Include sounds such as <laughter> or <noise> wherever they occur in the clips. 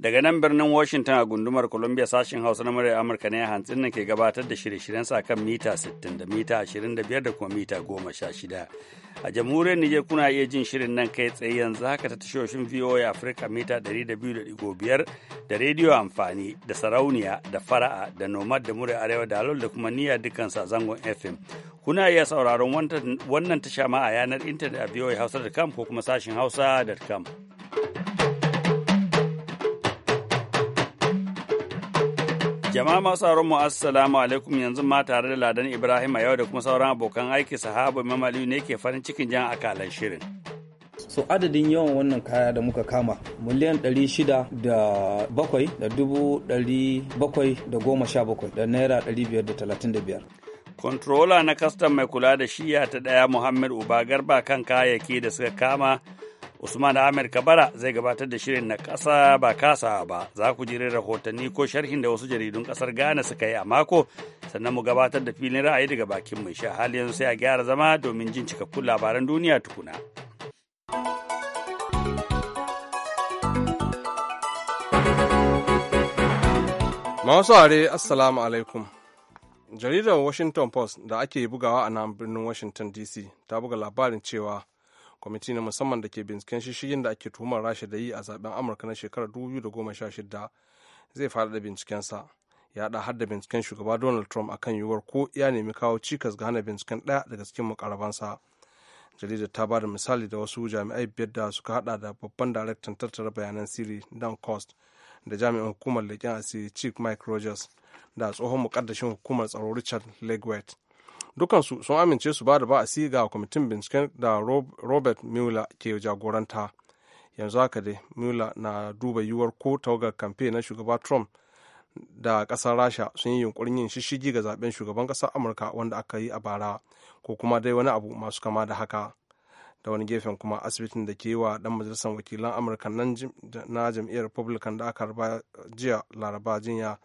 Daga nan birnin Washington a gundumar Columbia sashen Hausa na muryar Amurka ne hantsin nan ke gabatar da shirye-shiryen sa kan mita 60 da mita 25 da kuma mita 16. A jamhuriyar Nijar kuna iya jin shirin nan kai tsaye yanzu haka ta tashoshin VOA Africa mita 200.5 da rediyo amfani da sarauniya da fara'a da nomad da muryar arewa da alol da kuma niyya dukkan zangon FM. Kuna iya sauraron wannan tasha ma a yanar intanet a voa hausa.com ko kuma sashin hausa.com. Jama'a masu sauran mu assalamu alaikum yanzu ma tare da Ladan Ibrahim a yau da kuma sauran abokan aiki sahaba Imam Aliyu ne ke farin cikin jan akalan shirin. So adadin yawan wannan kaya da muka kama miliyan shida da bakwai da dubu bakwai da goma sha bakwai da naira 535. Kontrola na kastam mai kula da shiya ta ɗaya Muhammad Uba Garba kan kayayyaki da suka kama Usman amurka Kabara zai gabatar da shirin na ƙasa ba kasa ba, za ku jiri rahotanni ko sharhin da wasu jaridun ƙasar Ghana suka yi a mako, sannan mu gabatar da filin ra'ayi daga bakin mai sha hali yanzu sai a gyara zama domin jin cikakkun labaran duniya tukuna. Masu are Assalamu alaikum. Jaridar Washington Post da ake bugawa a nan birnin Washington DC ta buga labarin cewa kwamiti na musamman da ke binciken shishigin da ake tuhumar rasha da yi a zaben amurka na shekarar 2016 zai faɗaɗa bincikensa ya haɗa har da binciken shugaba donald trump a kan yiwuwar ko ya nemi kawo cikas ga hana binciken ɗaya daga cikin mukarabansa jaridar ta ba da misali da wasu jami'ai biyar da suka haɗa da babban daraktan tattara bayanan siri dan cost da jami'in hukumar leƙen asiri chief mike rogers da tsohon mukaddashin hukumar tsaro richard legwet dukansu sun amince su ba da ba ba'asi ga kwamitin binciken da robert mueller ke jagoranta yanzu haka dai mueller na duba yiwuwar ko tawagar kamfe na shugaba trump da kasar rasha sun yi yunkurin yin shishigi ga zaben shugaban kasar amurka wanda aka yi a bara ko kuma dai wani abu masu kama da haka da wani gefen kuma asibitin da ke yi wa dan majalisar wakilan amurka na jam'iyyar republican da aka raba jiya laraba jinya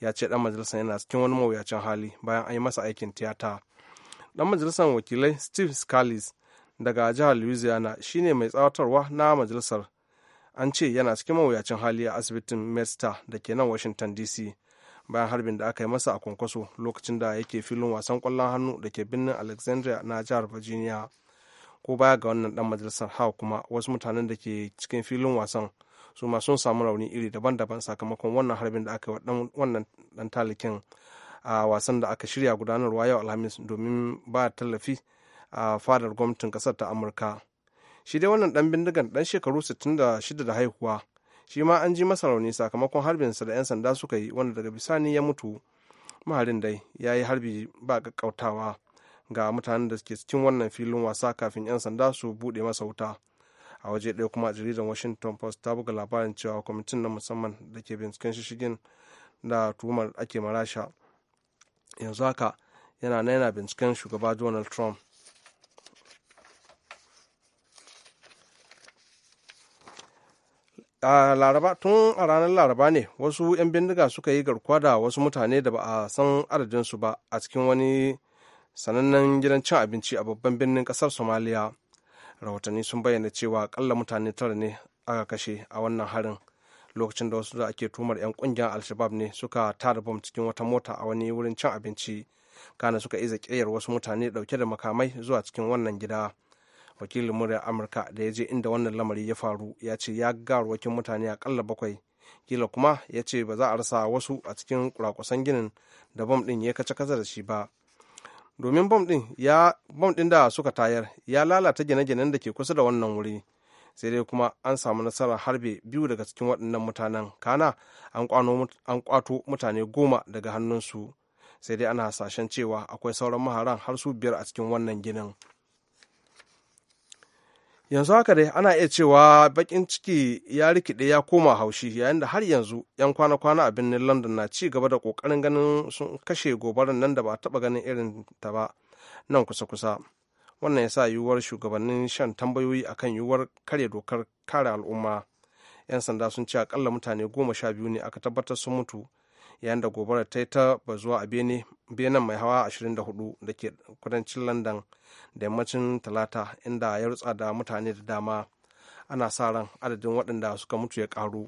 ya ce dan majalisar yana cikin wani mawuyacin hali bayan an yi masa aikin tiyata dan majalisar wakilai steve scalise daga jihar louisiana shine mai tsawatarwa na majalisar an ce yana cikin mawuyacin hali a asibitin mesta da ke nan washington dc bayan harbin da aka yi masa a kwankwaso lokacin da yake filin wasan kwallon hannu da ke birnin alexandria na jihar virginia ko baya ga wannan dan majalisar hawa kuma wasu mutanen da ke cikin filin wasan su ma sun samu rauni iri daban-daban sakamakon wannan harbin da aka yi wannan dan talikin a wasan da aka shirya gudanarwa yau alhamis domin ba tallafi a fadar gwamnatin kasar ta amurka shi dai wannan dan bindigan dan shekaru 66 da haihuwa shi ma an ji masa rauni sakamakon harbinsa da 'yan sanda suka yi wanda daga bisani ya mutu maharin dai ya yi harbi ba kakkautawa ga mutanen da suke cikin wannan filin wasa kafin 'yan sanda su bude masa wuta a waje ɗaya kuma a jaridar washington post ta buga labarin cewa kwamitin na musamman da ke binciken shishigin da tuhumar ake marasha yanzu haka yana na yana binciken shugaba donald trump a laraba tun a ranar laraba ne wasu 'yan bindiga suka yi garkuwa da wasu mutane da ba a san adadinsu ba a cikin wani sanannen gidan cin abinci a babban birnin kasar somaliya rahotanni sun bayyana cewa kalla mutane tara ne aka kashe a wannan harin lokacin da wasu da ake tumar 'yan kungiyar alshabab ne suka tara bom cikin wata mota a wani wurin cin abinci kana suka iza kiyar wasu mutane dauke da makamai zuwa cikin wannan gida wakilin murya amurka da ya je inda wannan lamari ya faru ya ce ya garwakin mutane akalla bakwai kila kuma ya ce ba za a rasa wasu a cikin kurakusan ginin da bom ɗin ya kaca kasa da shi ba domin bom ɗin da suka tayar ya lalata gine-ginen da ke kusa da wannan wuri sai dai kuma an samu nasarar harbe biyu daga cikin waɗannan mutanen kana an kwato mutane goma daga hannunsu sai dai ana hasashen cewa akwai sauran maharan har su biyar a cikin wannan ginin yanzu haka dai ana iya cewa bakin ciki ya rikide ya koma haushi yayin da har yanzu 'yan kwana-kwana a birnin london na ci gaba da kokarin ganin sun kashe gobarar nan da ba taba ganin irin ta ba nan kusa-kusa wannan ya sa yiwuwar shugabannin shan tambayoyi a kan yiwuwar karya dokar kare al'umma 'yan sanda sun ce akalla mutane goma sha biyu ne aka tabbatar sun mutu yayin da gobarar ta yi ta bazuwa a benin mai hawa 24 da ke kudancin landan da yammacin talata inda ya rutsa da mutane da dama ana sa ran adadin waɗanda suka mutu ya ƙaru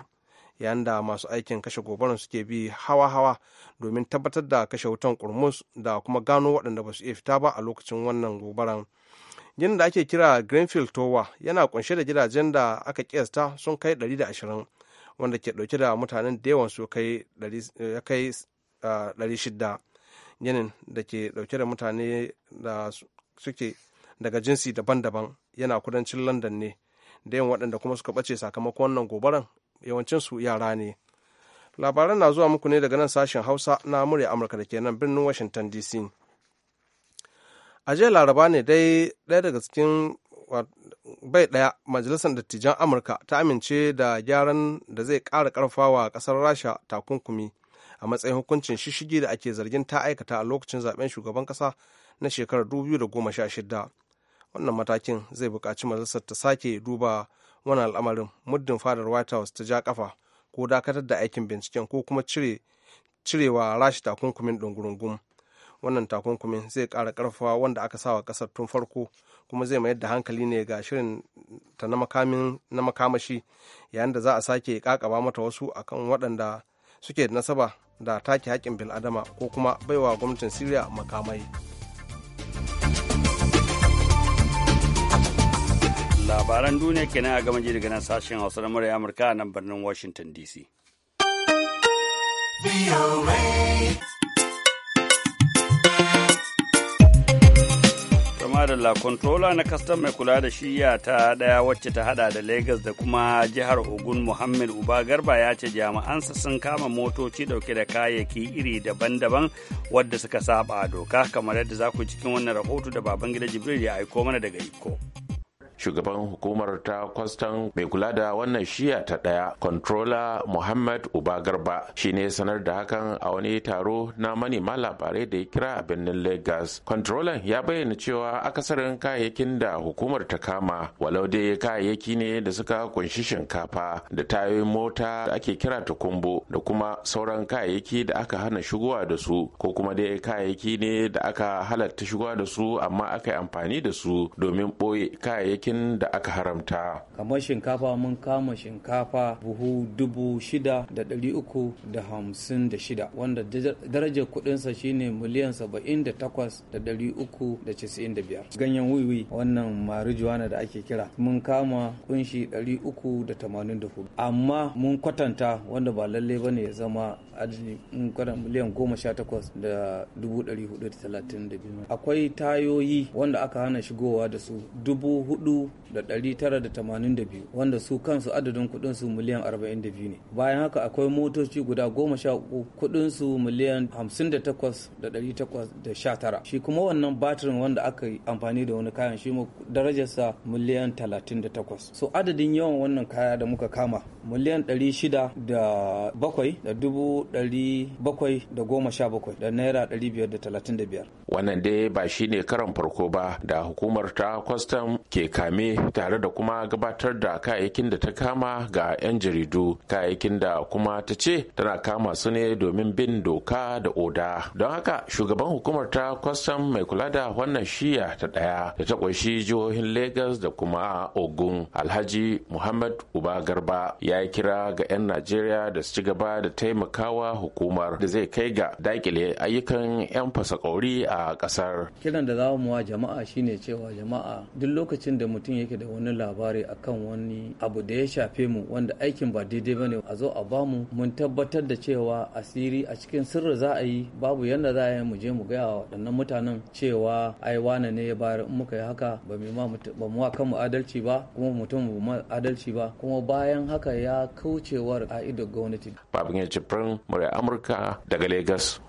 yayin da masu aikin kashe gobarar suke bi hawa-hawa domin tabbatar da kashe wutan kurmus da kuma gano waɗanda ba su iya fita ba a lokacin wannan gobarar ginin da ake kira greenfield tower yana kunshe da gidajen da aka kiyasta sun kai 120 wanda ke dauke da mutanen da yawan su kai 600 ginin da ke dauke da mutane da suke daga jinsi daban-daban yana kudancin london ne da yawan waɗanda kuma suka ɓace sakamakon wannan gobaran su yara ne labaran na zuwa muku ne daga nan sashen hausa na murya amurka da ke nan birnin washington dc a jiya laraba ne dai ɗaya daga cikin bai ɗaya majalisar dattijan amurka ta amince da gyaran da zai ƙara ƙarfawa ƙasar rasha takunkumi a matsayin hukuncin shishigi da ake zargin ta aikata a lokacin zaben shugaban ƙasa na shekarar 2016 wannan matakin zai buƙaci majalisar ta sake duba wani al'amarin muddin fadar white house ta ja kafa ko dakatar da aikin binciken ko kuma cirewa rashi takunkumin ɗungurungun wannan takunkumin zai kara karfafa wanda aka sawa ƙasar tun farko kuma zai mayar da hankali ne ga shirin ta na makamashi yayin da za a sake kakaba mata wasu akan waɗanda suke da nasaba da take haƙƙin bil'adama ko kuma baiwa gwamnatin siriya makamai labaran duniya kenan a gama daga nan sashen hausa na murya amurka a nan birnin washington dc la controller na kastam mai kula da shiya ta daya wacce ta hada da legas da kuma jihar ogun muhammad uba garba ya ce jami'ansa sun kama motoci dauke da kayayyaki iri daban-daban wadda suka saba doka kamar yadda za ku cikin wannan rahoto da baban gida jibril ya aiko mana daga iko. shugaban hukumar ta kwastan mai kula da wannan shiya ta daya controller muhammad uba garba shine sanar da hakan a wani taro na manema labarai da ya kira a birnin lagos controller ya bayyana cewa akasarin kayayyakin da hukumar ta kama walau dai kayayyaki ne da suka kunshi shinkafa da tayoyin mota da ake kira ta tukumbo da kuma sauran kayayyaki da aka hana shigowa da su ko kuma dai kayayyaki ne da aka halatta shigowa da su amma aka yi amfani da su domin ɓoye kayayyaki kayayyakin da aka haramta kamar shinkafa mun kama shinkafa buhu dubu shida da ɗari uku da hamsin da shida wanda darajar kuɗinsa shine miliyan saba'in da takwas da ɗari uku da casa'in da biyar ganyen wiwi wannan marijuana da ake kira mun kama kunshi ɗari uku da tamanin da hudu amma mun kwatanta wanda ba lalle bane ya zama adadi mun miliyan goma sha takwas da dubu ɗari hudu da talatin da biyu akwai tayoyi wanda aka hana shigowa da su dubu hudu 2,982 wanda su kansu adadin kudinsu miliyan 42 ne bayan haka akwai motoci guda goma sha uku kudinsu miliyan 58,819 shi kuma wannan batirin wanda aka yi amfani da wani kayan shi darajarsa miliyan 38 so adadin yawan wannan kaya da muka kama miliyan 607,717 da bakwai bakwai bakwai da da da dubu goma sha naira biyar da da talatin biyar wannan dai ba shine karan farko ba da hukumar ta kwastam ke kama kame tare da kuma gabatar da kayayyakin da ta kama ga 'yan jaridu kayayyakin da kuma ta ce tana kama su ne domin bin doka da oda don haka shugaban hukumar ta kwastam mai kula da wannan shiya ta daya da ta kunshi jihohin lagos da kuma ogun alhaji muhammad uba garba ya yi kira ga 'yan najeriya da su ci gaba da taimakawa hukumar da zai kai ga dakile ayyukan 'yan kauri a kasar kiran da za mu wa jama'a shine cewa jama'a duk lokacin da mutum yake da wani labari akan wani abu da ya shafe mu wanda aikin ba daidai bane a zo a bamu mun tabbatar da cewa asiri a cikin sirri za a yi babu yadda za a yi mu je mu gaya wa waɗannan mutanen cewa ai wane ne ya bayar in muka yi haka ba mu kan mu adalci ba kuma mutum ba adalci ba kuma bayan haka ya kaucewar a idon gwamnati. Babin ya cifrin murya Amurka daga Legas.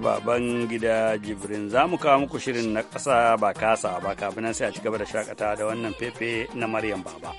baban gida jibrin za mu kawo muku shirin na ƙasa ba kasa ba kafin sai a ci gaba da shakata da wannan fefe na maryam baba.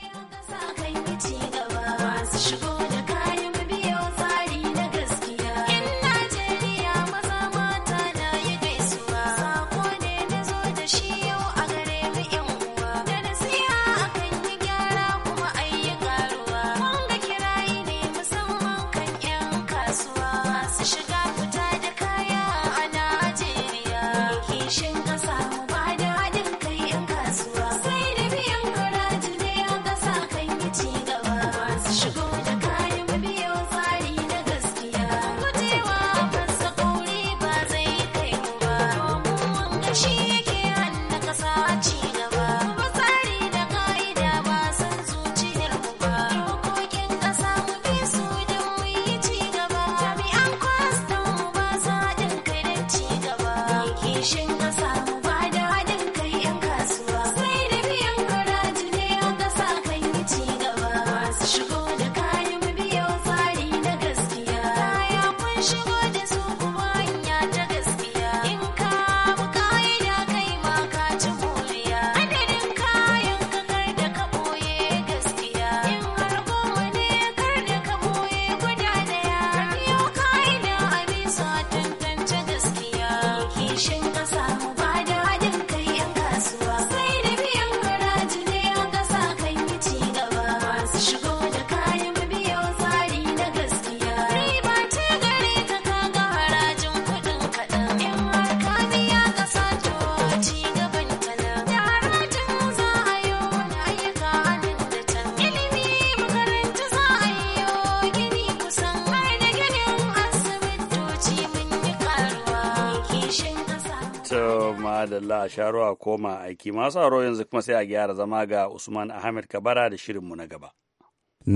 za a sharo a koma aiki masu aro yanzu kuma sai a gyara zama ga Usman Ahmed Kabara da shirinmu na gaba.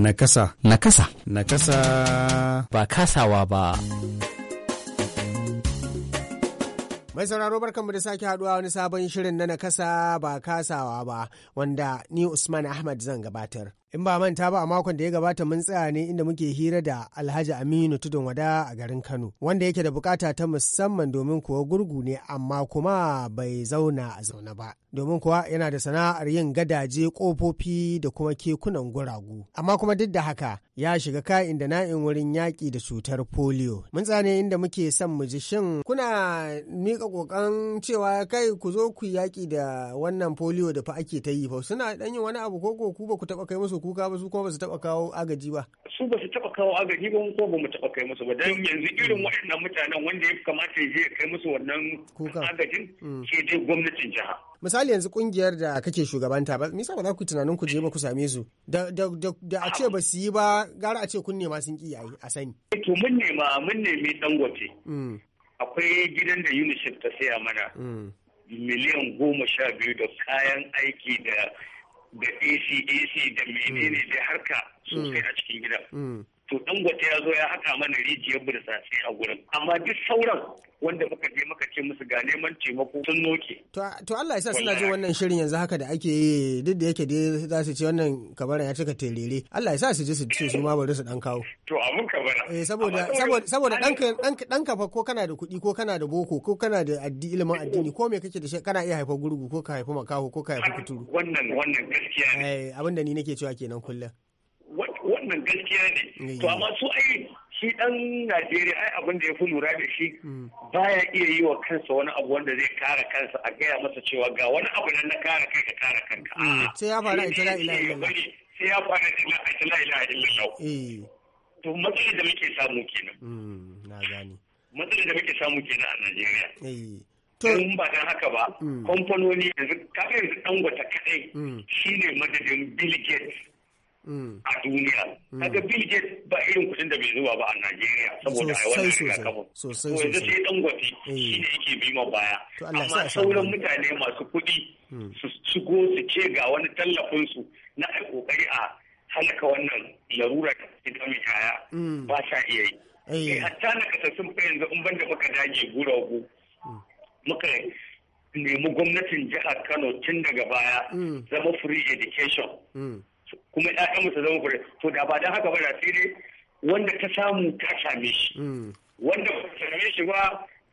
Nakasa. Nakasa. Nakasa. Ba kasawa ba. Mai sauraro barkanmu da sake haduwa wani sabon shirin na nakasa ba kasawa ba wanda ni Usman Ahmad zan gabatar. in ba manta ba a makon da ya gabata mun tsaya ne inda muke hira da alhaji aminu tudun wada a garin kano wanda yake da bukata ta musamman domin kuwa gurgu ne amma kuma bai zauna a zaune ba domin kuwa yana da sana'ar yin gadaje kofofi da kuma kekunan guragu amma kuma duk da haka ya shiga ka'in da na'in wurin yaƙi da cutar polio mun tsane inda muke son mu ji shin kuna mika kokan cewa kai ku zo ku yaƙi da wannan polio da fa ake ta yi fa suna ɗan yin wani abu ko ku ba ku taɓa kai musu kuka ba su kuma ba su taɓa kawo agaji ba. Su ba su taɓa kawo agaji ba ko ba mu taɓa kai musu ba dan yanzu irin waɗannan mutanen wanda ya kamata ya je ya kai musu wannan agajin ke mm. dai gwamnatin jiha. Misali yanzu kungiyar da kake shugabanta ba, misa ba za ku tunanin ku je ba ku same su. Da a ce ba su yi ba, gara a ce kun nema sun ki yayi a sani. Eh, to mun nema mun nemi dangote. Mm. Akwai gidan da UNICEF ta saya mana. Mm. miliyan goma sha biyu da kayan aiki da da ac ac da menene mm. da harka sosai mm. a cikin gidan mm. to gwate ya zo ya haka mana rijiyar burtsatse a gurin amma duk sauran wanda muka je muka ce musu ga neman taimako sun noke to Allah ya sa suna jin wannan shirin yanzu haka da ake yi duk da yake dai za su ce wannan kabara ya cika terere Allah ya sa su ji su ce su ma bari su dan kawo to abun kabara eh saboda saboda dan ka fa ko kana da kuɗi ko kana da boko ko kana da ilimin addini ko me kake da shi kana iya haifar gurgu ko ka haifa makaho ko ka haifa kuturu wannan wannan gaskiya ne eh abinda ni nake cewa kenan kullum wannan gaskiya ne eh. to amma su ai shi dan Najeriya ai abin da ya fi lura da shi hmm. baya iya yi wa kansa wani abu wanda zai kara kansa a gaya masa cewa ga wani abu nan na kara kai ka kara kanka hmm. sai ya fara ita la ilaha illallah sai ya fara ita la ilaha to matsalar da muke samu kenan hmm, na gani matsalar da muke samu kenan a Najeriya in eh. ba don haka ba kamfanoni yanzu kafin yanzu kaɗai. kadai shine madadin Bill Gates Mm. a duniya mm. kaga Bill Gates ba irin kuɗin da bai zuwa ba a Najeriya saboda a wani rigakafin sosai sosai yanzu sai dangote mm. shi ne yake bi ma baya amma sauran mutane masu kuɗi su shigo su ce ga wani tallafin su na kokari a halaka wannan larura da ke damun yaya ba sa iya yi eh, hatta na kasassun fa yanzu in banda muka dage guragu muka nemi gwamnatin jihar Kano tun daga baya zama free education kuma mu su zama fure to da ba don haka ba da sai dai wanda ta samu ta same shi mm. wanda ba ta same shi ba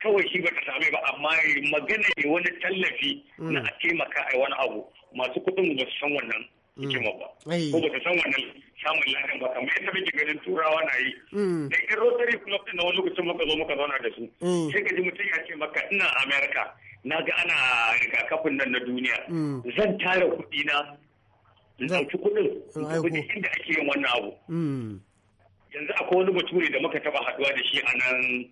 kawai shi ba ta same ba amma magana ne wani tallafi na mm. a taimaka a wani abu masu kuɗin ba su san wannan mm. hikima ba ko ba su san wannan samun ladan ba kamar yadda muke ganin turawa na yi da in rotary club na wani lokacin muka zo muka zauna da su sai ka ji mutum ya ce maka ina america na ga ana rigakafin nan na duniya zan tara kuɗi na su ɗauki kuɗin kuɗi inda ake yin wannan abu hmm. yanzu akwai wani bature da muka taba haɗuwa da shi a nan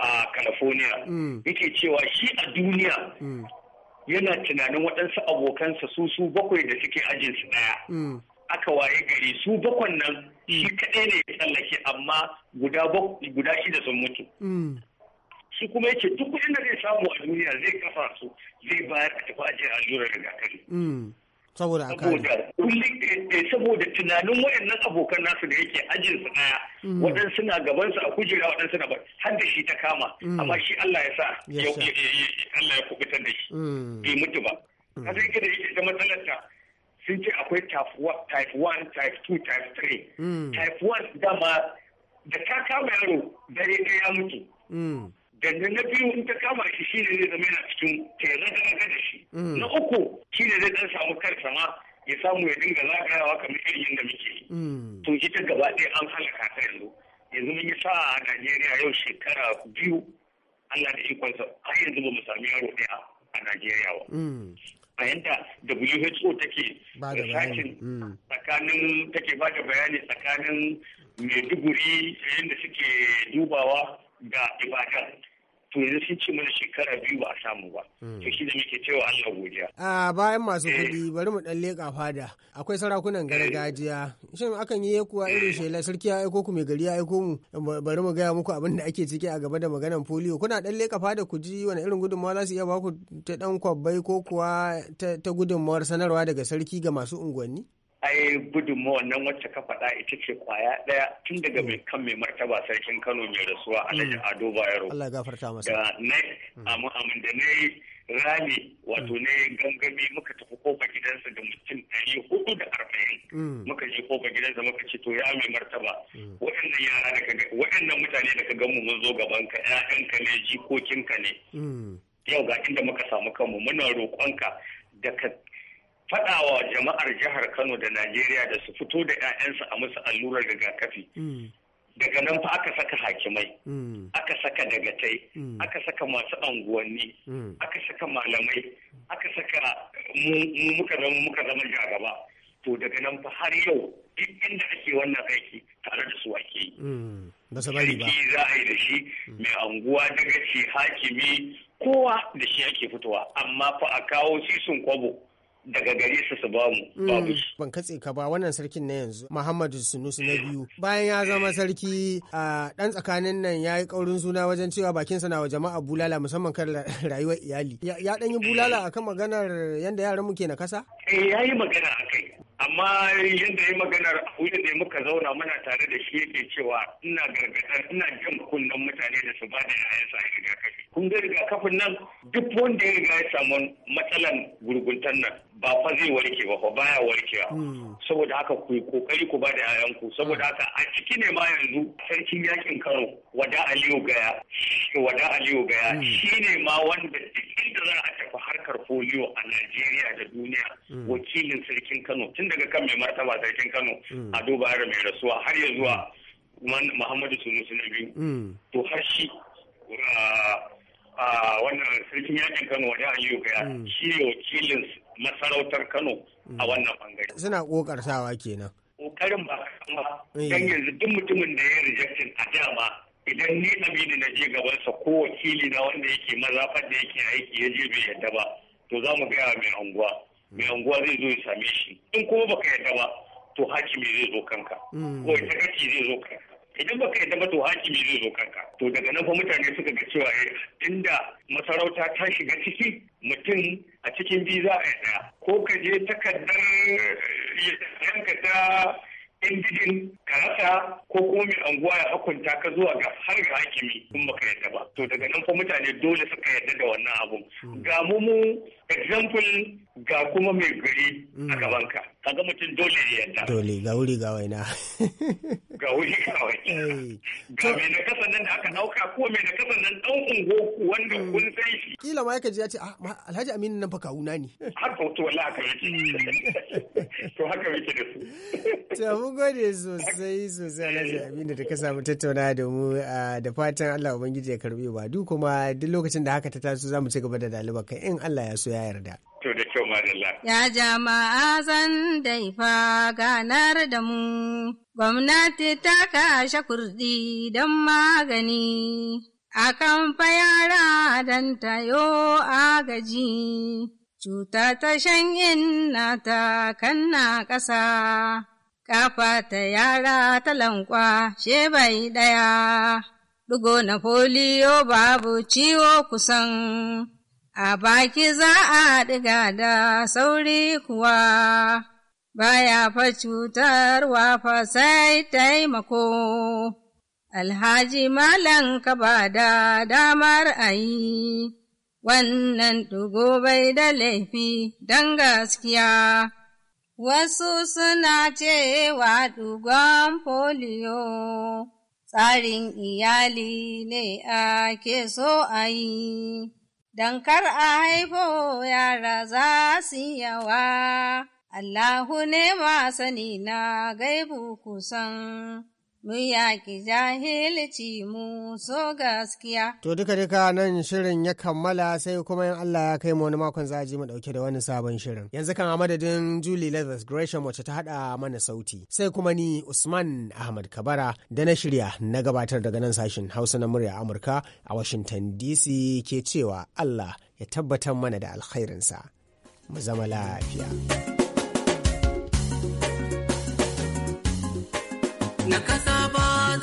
a california hmm. yake cewa shi a duniya hmm. yana tunanin waɗansu abokansa su su bakwai da suke ajinsu ɗaya aka waye gari su bakwan nan shi kaɗai ne ya tsallake amma guda da sun mutu shi kuma yace duk kuɗin da zai samu a duniya zai kafa su zai bayar a tafi ajiyar allurar rigakafi saboda eh, eh, saboda tunanin waɗannan abokan nasu da yake ajin su daya mm. waɗansu suna gaban su a kujera waɗansu na har da shi ta kama mm. amma shi Allah ya sa Allah ya kubuta da shi mm. bai mutu ba kaje ita da yake da matsalar ta sun ce akwai type 1 type 2 type 3 type 1 dama da ta kama yaro dare ɗaya ya mutu gangan na biyu ta kama shi shi ne zai zama yana cikin tera da da shi mm. na uku shi ne zai dan samu kar sama ya samu ya dinga zagayawa kamar irin yadda muke yi mm. to ita gaba ɗaya an halaka ta yanzu yanzu mun yi sa a Najeriya yau shekara biyu Allah da ikonsa har yanzu ba mu sami yaro ɗaya a Najeriya ba bayan mm. WHO take sakin tsakanin take ba da bayani tsakanin Maiduguri da suke dubawa ga Ibadan to yanzu sun ce mana shekara biyu ba a samu ba hmm. to shi da muke cewa Allah godiya a bayan masu eh. kuɗi bari mu dan leƙa fada akwai sarakunan eh. gargajiya shin akan yi kuwa irin eh. shela sarki ya aiko ku mai gari ya aiko mu bari mu gaya muku abin da ake ciki a gaba da maganan polio kuna dan leƙa fada ku ji wani irin gudunmawa za su iya ku ta dan kwabbai ko kuwa ta gudunmawar sanarwa daga sarki ga masu unguwanni ai gudunmawar wannan wacce ka faɗa ita ce kwaya ɗaya tun daga mai kan mai martaba sarkin kano mai rasuwa alhaji mm. ado bayero Allah ya gafarta masa da na mm. amma amin da na yi rali wato mm. ne gangami muka tafi kofa gidansa da mutum ɗari hudu da arba'in muka je kofa gidansa muka ce to ya mai martaba waɗannan yara da ka waɗannan mutane da ka mu mun zo gaban ka ƴaƴanka ne jikokinka ne yau ga inda muka samu kanmu muna roƙonka da ka faɗawa jama'ar jihar Kano da Najeriya da su fito da 'ya'yansu a musu allurar rigakafi. Mm. Daga nan fa aka saka hakimai, mm. aka saka dagatai, mm. aka saka masu anguwanni, aka saka malamai, aka saka mu muka zama muka zama jagaba. To daga nan fa har yau duk inda ake wannan aiki tare da su ake yi. Ba za a yi da shi mai anguwa dagaci hakimi kowa da shi ake fitowa amma fa a kawo sisun kwabo. daga gare su su ba mu mm. babu ban katse ka ba wannan sarkin na yanzu Muhammadu Sunusu na biyu bayan ya zama sarki a dan tsakanin nan ya yi kaurin suna wajen cewa bakin sa na wa jama'a bulala musamman kan <laughs> rayuwar iyali ya dan yi bulala akan maganar yanda yaran mu ke na kasa eh yayi magana akai amma yadda ya maganar wurin da muka zauna muna tare da shi yake cewa ina gargadar ina jan kunnen mutane da su bada yayan sa rigakafi kun ga rigakafin nan duk wanda ya riga ya samu matsalan gurguntan nan ba fa zai warke ba fa baya warkewa hmm. saboda haka ku kokari ku bada yayan ku saboda haka a ciki ne ma yanzu sarkin yakin Kano wada Aliyu Gaya wada Aliyu Gaya hmm. shine ma wanda duk inda za a tafi harkar foliyo a Najeriya da duniya hmm. wakilin sarkin Kano tun daga kan mai martaba sarkin Kano mm. a duba mai rasuwa har ya zuwa Muhammadu Sunusi na biyu mm. to har shi uh, uh, wannan sarkin yakin Kano wani Aliyu Kaya mm. shi ne wakilin masarautar Kano a wannan bangare suna kokarsawa kenan kokarin ba eh. dan yanzu duk mutumin da ya yi rejection a dama idan ni aminu na je gabansa ko wakili na wanda yake mazafar da yake aiki ya je bai yadda ba to za mu gaya mai unguwa mai unguwa zai zo ya same shi in kuma baka yadda ba to hakimi zai zo kanka mm. ko sakaci zai zo kanka idan baka yadda ba to hakimi zai zo kanka to daga nan fa mutane suka ga cewa eh tunda masarauta ta shiga ciki mutum a cikin biyu za a yadda ko ka je takardar yanka eh, ta indijin ka ko kuma mai anguwa ya hukunta ka zuwa ga har ga hakimi in baka yadda ba to daga nan fa mutane dole suka yadda da wannan abun mm. ga mu mu example ga kuma mai gari a mm. gabanka ga mutum dole ne yadda dole ga wuri ga waina <laughs> ga wuri ga waina ga mai na kasan nan da aka dauka ko mai na kasan nan dan ungo wanda mm. kun san shi kila ma ji ya ce ah Alhaji Aminu nan fa kawuna ne <laughs> har ko to wallahi haka yi <laughs> to haka yake da su to mun gode sosai sosai Alhaji eh. Aminu da ka samu tattauna da mu da fatan Allah ubangiji ya karbe ba duk kuma duk lokacin da haka ta taso mu ci gaba da dalibar kai in Allah ya so ya ya yarda. To da kyau madalla. Ya jama'a zan daifa ganar da mu, gwamnati ta kashe kurɗi don magani, akan fa yara don tayo agaji, cuta ta shan inna ta kanna ƙasa, ƙafa ta yara ta lankwa bai ɗaya, ɗigo na foliyo babu ciwo kusan. a baki za a ɗiga da sauri kuwa, baya fa cutarwa fa sai taimako. Alhaji Malam ka ba da damar a yi, wannan ɗugo bai da laifi don gaskiya. Wasu suna cewa dugon foliyo, tsarin iyali ne ake so a yi. don kar a haifo yara za su yawa. Allahu ne ma sani na gaibu kusan, Mun yaƙi jahilci mu so gaskiya. To duka duka nan shirin ya kammala sai kuma yin Allah ya kai mu wani makon za a mu dauke da wani sabon shirin. Yanzu kan a madadin Julie Leathers Gresham wacce ta haɗa mana sauti. Sai kuma ni Usman Ahmad Kabara da na shirya na gabatar daga nan sashen Hausa na murya Amurka a Washington DC ke cewa Allah ya tabbatar mana da alkhairinsa. Mu zama lafiya. ba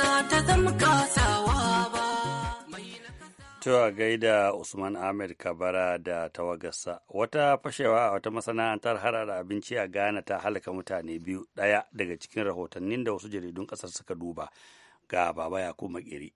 Tuwa gaida Usman Ahmed Kabara da tawagarsa. Wata fashewa a wata masana'antar harar abinci a Ghana ta halaka mutane biyu ɗaya daga cikin rahotannin da wasu jaridun ƙasar suka duba ga Baba Yakubu Makeri.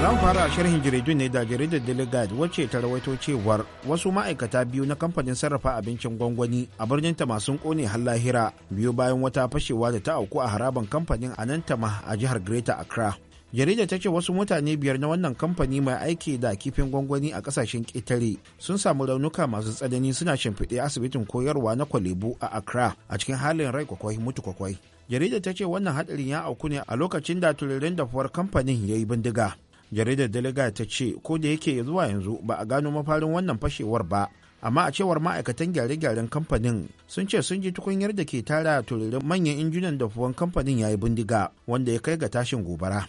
Zan fara sharhin jiragen ne da jaridar Delegate wacce ta rawaito cewar wasu ma'aikata biyu na kamfanin sarrafa abincin gwangwani a birnin ta sun kone har biyu bayan wata fashewa da ta auku a harabar kamfanin a nan Tama a jihar Greater Accra. Jaridar ta ce wasu mutane biyar na wannan kamfani mai aiki da kifin gwangwani a kasashen ƙetare sun samu raunuka masu tsanani suna shimfiɗe asibitin koyarwa na Kwalebu a Accra a cikin halin rai kwakwai mutu kwakwai. Jaridar ta ce wannan hadarin ya auku ne a lokacin da tururin dafuwar kamfanin ya yi bindiga. jaridar delega ta ce ko da yake ya zuwa yanzu ba a gano mafarin wannan fashewar ba amma a cewar ma'aikatan gyare-gyaren kamfanin sun ce sun ji tukunyar da ke tara tururin manyan injunan dafuwan kamfanin ya yi bindiga wanda ya kai ga tashin gobara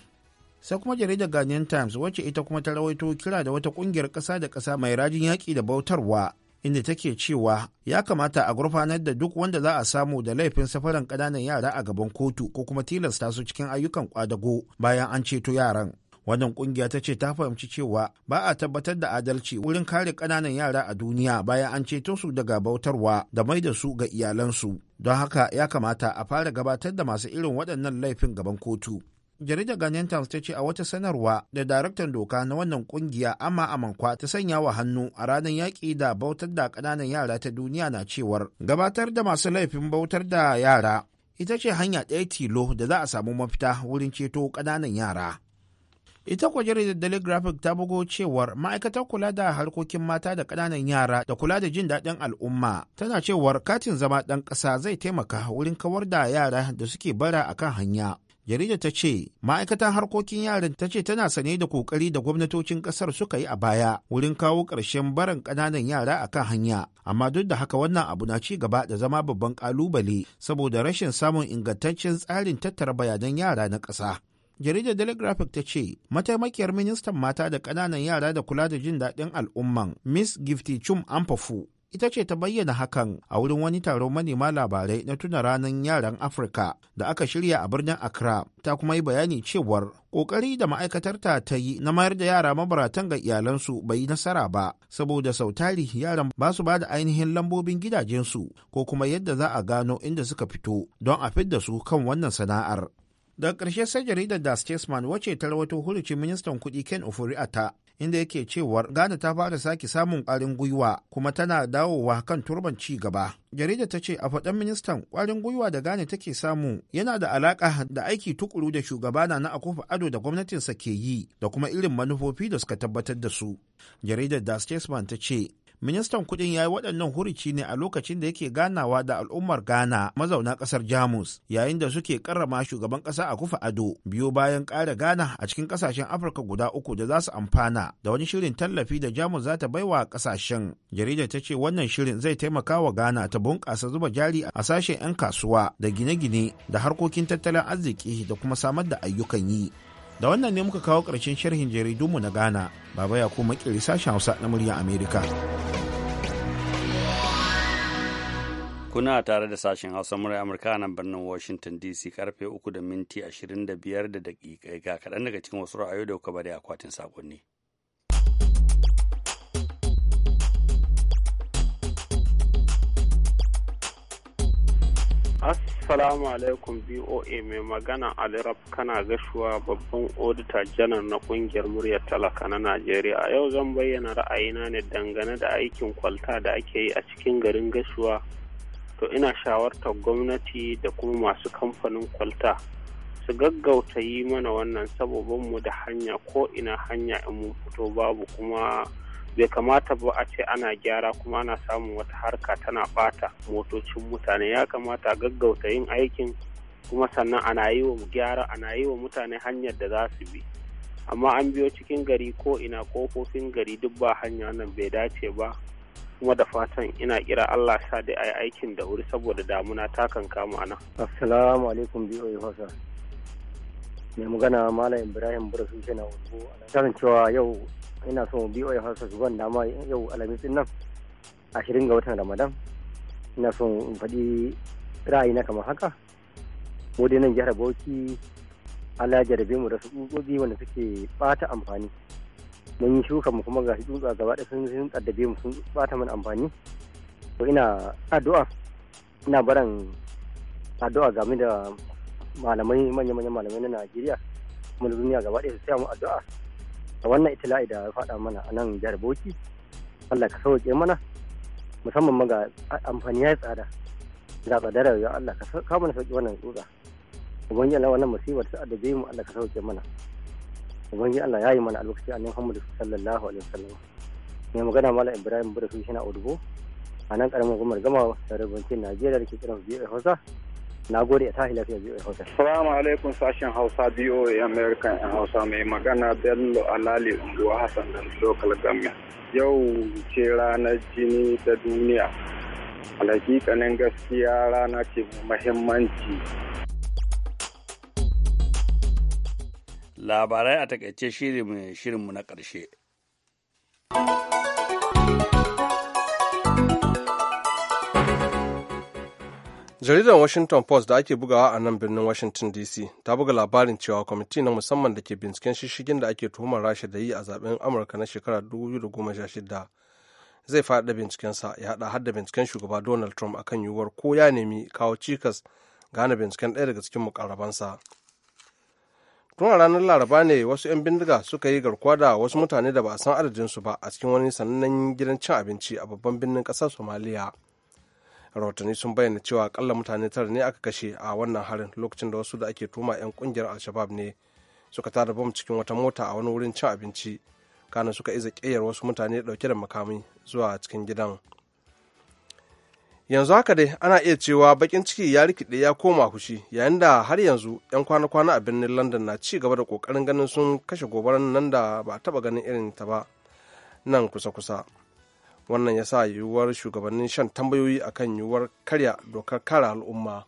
sai kuma jaridar Ghanaian Times wacce ita kuma ta rawaito kira da wata kungiyar ƙasa da ƙasa mai rajin yaƙi da bautarwa inda take cewa ya kamata a gurfanar da duk wanda za a samu da laifin safaran ƙananan yara a gaban kotu ko kuma tilasta su cikin ayyukan kwadago bayan an ceto yaran. Wannan kungiya ta ce ta fahimci cewa ba a tabbatar da adalci wurin kare ƙananan yara a duniya bayan an ceto su daga bautarwa da mai da su ga iyalansu. Don haka ya kamata a fara gabatar da masu irin waɗannan laifin gaban kotu. jaridar Ghanaian Times ta ce a wata sanarwa da daraktan doka na wannan kungiya Amma Amankwa ta sanya wa hannu a ranar yaƙi da bautar da ƙananan yara ta duniya na cewar gabatar da masu laifin bautar da yara ita ce hanya ɗaya tilo da za a samu mafita wurin ceto ƙananan yara. ita kuwa jaridar daily graphic ta bugo cewar ma'aikatar kula da harkokin mata da ƙananan yara da kula da jin daɗin al'umma tana cewar katin zama ɗan ƙasa zai taimaka wurin kawar da yara da suke bara a kan hanya jaridar ta ce ma'aikatar harkokin yaran ta ce tana sane da kokari da gwamnatocin ƙasar suka yi a baya wurin kawo ƙarshen barin ƙananan yara a kan hanya amma duk da haka wannan abu na ci gaba da zama babban ƙalubale saboda rashin samun ingantaccen tsarin tattara bayanan yara na ƙasa jaridar daily graphic ta ce mataimakiyar ministan mata da ƙananan yara da kula da jin daɗin al'umman miss gifty chum amfafu ita ce ta bayyana hakan a wurin wani taron manema labarai na tuna ranar yaran afirka da aka shirya a birnin accra ta kuma yi bayani cewar kokari da ma'aikatarta ta yi na mayar da yara mabaratan ga iyalansu bai yi nasara ba saboda sau tari yaran ba su ba da ainihin lambobin gidajensu ko kuma yadda za a gano inda suka fito don a fidda su kan wannan sana'ar daga ƙarshe sai jaridar da statesman wacce ta rawaito hurucin ministan kuɗi ken ofuri'ata inda yake cewar ghana ta fara sake samun ƙwarin gwiwa kuma tana dawowa kan turban ci gaba jaridar ta ce a faɗan ministan ƙwarin gwiwa da ghana take samu yana da alaƙa da aiki tukuru da shugabana na akufa ado da gwamnatinsa ke yi da kuma irin manufofi da suka tabbatar da su jaridar da statesman ta ce ministan kudin ya yi waɗannan hurici ne a lokacin da yake ganawa da al'ummar ghana mazauna ƙasar jamus yayin da suke karrama shugaban ƙasa a kufa ado biyo bayan ƙara ghana a cikin ƙasashen afirka guda uku da za su amfana da wani shirin tallafi da jamus za ta wa ƙasashen jaridar ta ce wannan shirin zai taimaka wa ghana ta bunƙasa zuba jari a sashen 'yan kasuwa da gine-gine da harkokin tattalin arziki da kuma samar da ayyukan yi da wannan ne muka kawo ƙarshen sharhin jaridunmu na ghana baba ya kuma makiri sashen hausa na murya amerika Kuna tare da sashen Hausa murai Amurka nan birnin Washington DC karfe 3 da minti 25 da daƙiƙa ga kaɗan daga cikin wasu ra'ayoyi da kuka bari a kwatin sakonni. Assalamu alaikum BOA mai magana Alirab kana gashuwa babban odita janar na kungiyar muryar talaka na Najeriya. A yau zan bayyana ra'ayina ne dangane da aikin kwalta da ake yi a cikin garin gashuwa to ina shawartar gwamnati da kuma masu kamfanin kwalta su gaggauta yi mana wannan sabobin mu da hanya ko ina hanya in mun fito babu kuma bai kamata ba a ce ana gyara kuma ana samun wata harka tana bata motocin mutane ya kamata gaggauta yin aikin kuma sannan ana yi wa gyara ana yi wa mutane hanyar da za su bi amma an biyo cikin gari ko ina kofofin gari duk ba hanya nan bai dace ba kuma da fatan ina kira Allah sa da ai aikin da wuri saboda damuna ta kan kamu a nan. Assalamu alaikum bi'o'i Hausa. Mai magana Malam Ibrahim Burasu shi na wato cewa yau ina son bi'o'i Hausa su ban dama yau alhamis nan ashirin ga watan Ramadan. Ina son in faɗi ra'ayi na kamar haka. Mu dai nan jihar Bauchi Allah ya jarabe mu da su tsotsobi wanda suke bata amfani. mun yi shuka mu kuma ga shi tsutsa gaba da sun sun addabe mu sun bata mana amfani to ina addu'a ina baran addu'a game da malamai manya manyan malamai na Najeriya kuma da duniya gaba ɗaya su tsaya mu addu'a a wannan itila'i da ya faɗa mana a nan jihar Bauchi Allah ka sauke mana musamman ma ga amfani ya tsada ga tsadarar ya Allah ka kama na sauki wannan tsutsa ubangiji Allah wannan musibar ta addabe mu Allah ka sauke mana ubangi Allah ya yi mana a nan Muhammadu sallallahu alaihi wasallam mai magana mala Ibrahim Bura su shi na Odubo a nan karamin gumar gama da rubutun Najeriya da ke kiran biyu Hausa na gode a tahi lafiya biyu Hausa Assalamu alaikum sashen Hausa biyu American Hausa mai magana Bello Alali Unguwa Hassan dan local government yau ce ranar jini da duniya a gaskiya rana ce muhimmanci labarai a takaice shirinmu na karshe. jaridar washington post da ake bugawa a nan birnin washington dc ta buga labarin cewa kwamiti na musamman da ke binciken shishigin da ake tuhumar rasha da yi a zaben amurka na shekarar 2016 zai fada bincikensa ya hada har da binciken shugaba donald trump akan yiwuwar ko ya nemi kawo cikas gane binciken ɗaya daga cikin mukarrabansa. tun a ranar laraba ne wasu 'yan bindiga suka yi garkuwa da wasu mutane da ba a san adadinsu ba a cikin wani sanannen gidan cin abinci a babban birnin ƙasar somaliya rahotanni sun bayyana cewa akalla mutane tara ne aka kashe a wannan harin lokacin da wasu da ake tuma 'yan kungiyar alshabab ne suka tada bom cikin wata mota a wani wurin cin abinci kana suka iza ƙeyar wasu mutane dauke da makami zuwa cikin gidan yanzu haka dai ana iya cewa bakin ciki ya rikide ya koma hushi yayin da har yanzu 'yan kwana-kwana a birnin london na ci gaba da kokarin ganin sun kashe gobarar nan da ba taba ganin irin ta ba nan kusa-kusa wannan ya sa yiwuwar shugabannin shan tambayoyi akan yiwuwar karya dokar kare al'umma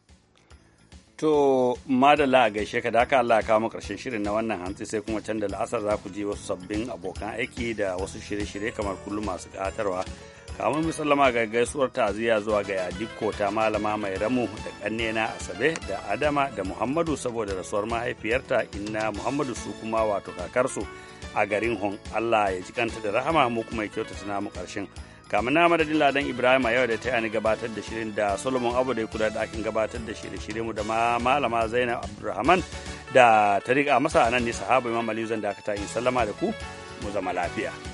To, madala a gaishe ka daka Allah ya kawo karshen shirin na wannan hantsi sai kuma can da la'asar za ku ji wasu sabbin abokan aiki da wasu shirye-shirye kamar kullum masu ƙatarwa. kamun musallama ga gaisuwar ta'aziyya zuwa ga yadikko ta malama mai ramu da kannena asabe da adama da muhammadu saboda rasuwar mahaifiyarta inna muhammadu su kuma wato kakarsu a garin hon allah ya ji kanta da rahama mu kuma ya kyautata namu karshen kamun na madadin ladan ibrahim a yau da ta gabatar da shirin da solomon abu da ya kula da ɗakin gabatar da shirye shirye mu da malama zainab abdulrahman da ta riƙa masa a nan ne sahaba imam aliyu zan dakata in sallama da ku mu zama lafiya.